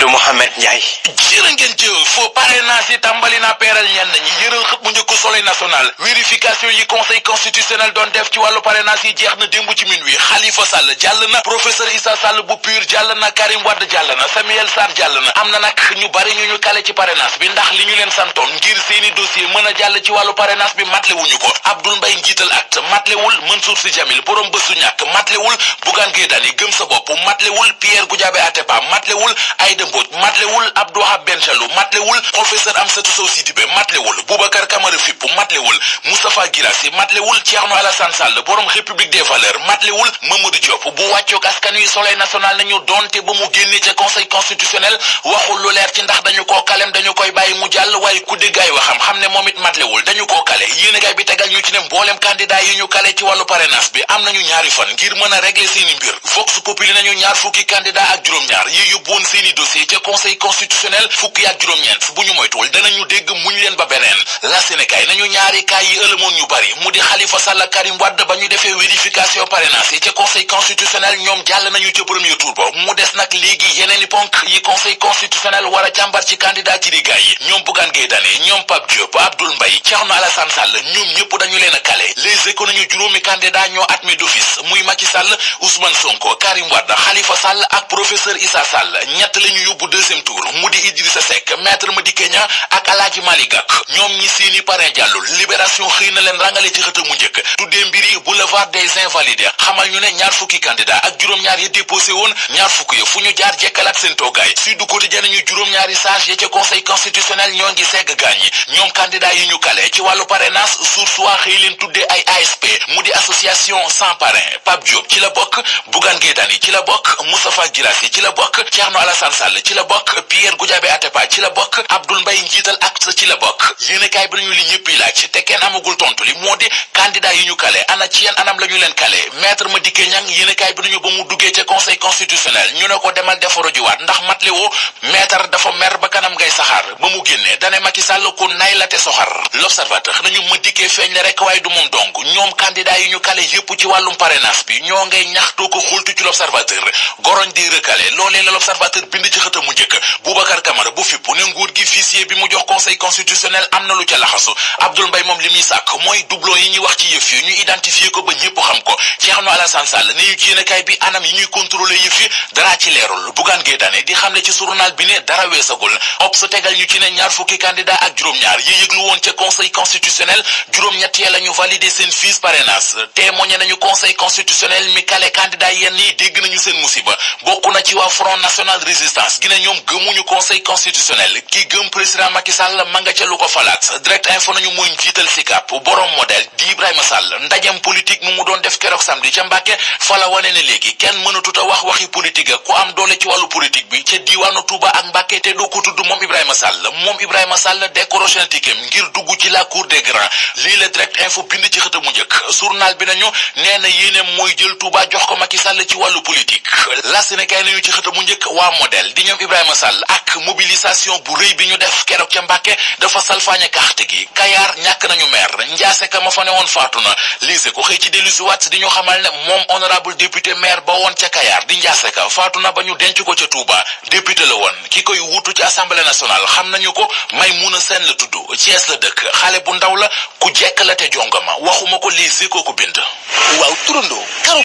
Amadou Mohamed Ndiaye. a ngeen jëf parrainage yi tàmbali naa peeral ñenn ñi yëral xëpp bu njëkk soleil national yi conseil constitutionnel doon def ci wàllu parrainage yi jeex na démb ci min wi Khalifa Sall jàll na professeur Issa Sall bu PUR jàll na Karim Wade jàll na Samuel Sarr jàll na am na nag ñu bari ñu ñu kale ci parrainage bi ndax li ñu leen santoon ngir seeni dossier mën a jàll ci wàllu parrainage bi matlewuñu ko Abdoul Mbaye njiital acte Mbodj matlewul Abdou Wahab Ben Chalou matlewul professeur Amsatou Sow Sidibé matlewul Boubacar Camara Fipp matlewul Moustapha Guirassy matlewul Thierno Alassane Sall borom République des valeurs matlewul Mamadou Diop bu wàccoog askan wi soleil national nañu donte ba mu génne ca conseil constitutionnel waxul lu leer ci ndax dañu koo kalem dañu koy bàyyi mu jàll waaye ku déggaay waxam xam ne moom it matlewul dañu koo kale yéenekaay bi tegal ñu ci ne mboolem a yi ca conseil constitutionnel fukki ak juróom-ñeent bu ñu moytuwul danañu dégg muñ leen ba beneen la Sénégal nañu ñaari kaay yi ëlëmoon ñu bari mu di Khalifa Sall Karim Wade ba ñu defee vérification parrainage ca conseil constitutionnel ñoom jàll nañu ca premier tour mu des nag léegi yeneeni ponk yi conseil constitutionnel war a ci candidat ci di gaay yi ñoom Bougane Gueye Dany ñoom Pape Diop Abdoul Mbaye Thierno ñoom ñëpp dañu leen a kale les yóbbu deuxième tour mu di Idrissa Seck maître Madické Niang ak Alaaji Malick ñoom ñi seeni parrain jàllul libération xëy na leen rangale ci mu njëkk tuddee mbiri boulevard des invalides xamal ñu ne ñaar fukki candidat ak juróom-ñaar ya déposé woon ñaar fukki ya fu ñu jaar jekkalaat seen toogaay su du quotidien ñu juróom-ñaari sage ya ca conseil constitutionnel ñoo ngi segg gaañ yi ñoom candidat yi ñu kale ci wàllu parrainage source waa xëy leen tuddee ci la bokk Pierre Goudiaby Atepa ci la bokk Abdoul Mbaye njiital ACT ci la bokk yéenekaay bi nañu li ñëppi laaj te kenn amagul tontu li moo di candidat yi ñu kale ana ci yan anam la leen kale maître Madické Niang yéenekaay bi nañu ba mu duggee ca conseil constitutionnel ñu ne ko demal defaru juwaat ndax mat li woo maître dafa mer ba kanam ngay saxaar ba mu génnee dane Macky Sall ku nay la te soxar l'observateur nañu Madické feeñ le rek xëtamu njëkk Boubacar Camara bu fippu ne nguur gi fichier bi mu jox conseil constitutionnel am na lu ca laxasu Abdoul Mbaye moom li muy sàkk mooy doublon yi ñuy wax ci yëf yi ñu identifier ko ba ñëpp xam ko Thierno Alassane Sall ne ñu ci bi anam yi ñuy contrôler yëf dara ci leerul Bougane Gueye Dany di xamle ci journal bi ne dara weesagul obs tegal ñu ci ne ñaar fukki candidat ak juróom-ñaar yi conseil constitutionnel juróom-ñettee la ñu valider seen fiche parrainage témoigné nañu conseil constitutionnel mi kale candidat yenn ki gëm président Macky Sall ca lu ko falaat direct info nañu mooy njiital sikap borom modèle di Ibrahima Sall ndajam politique mu mu doon def keroog samedi ca Mbàkke fala wane léegi kenn mënatut wax waxi politique ku am doole ci wàllu politique bi ca diiwaanu Touba ak Mbàkke te doo ko tudd moom Ibrahima Sall moom Ibrahima Sall décroché ngir dugg ci la cour des grands lii la direct info bind ci xët mu njëkk journal bi nañu nee na mooy jël Touba jox ko Macky Sall ci wàllu politique la Sénégal nañu ci xët mu njëkk waa modèle di ñoom Ibrahima Sall ak mobilisation bu rëy bi ñu def keroog ca Mbàkke dafa salfaañe carte gi Kayaar ñàkk nañu maire Ndiasse ka ma fa ne woon faatu na liise ko xëy ci dellu si di ñu xamal ne moom honorable député maire ba woon ca Kayaar di Ndiasse ka faatu na ba ñu denc ko ca Touba député la woon ki koy wutu ci assemblée nationale xam nañu ko Maymouna Sène la tudd Thiès la dëkk xale bu ndaw la ku jekk la te jongama waxuma ko lii ko bind waaw turandoo karo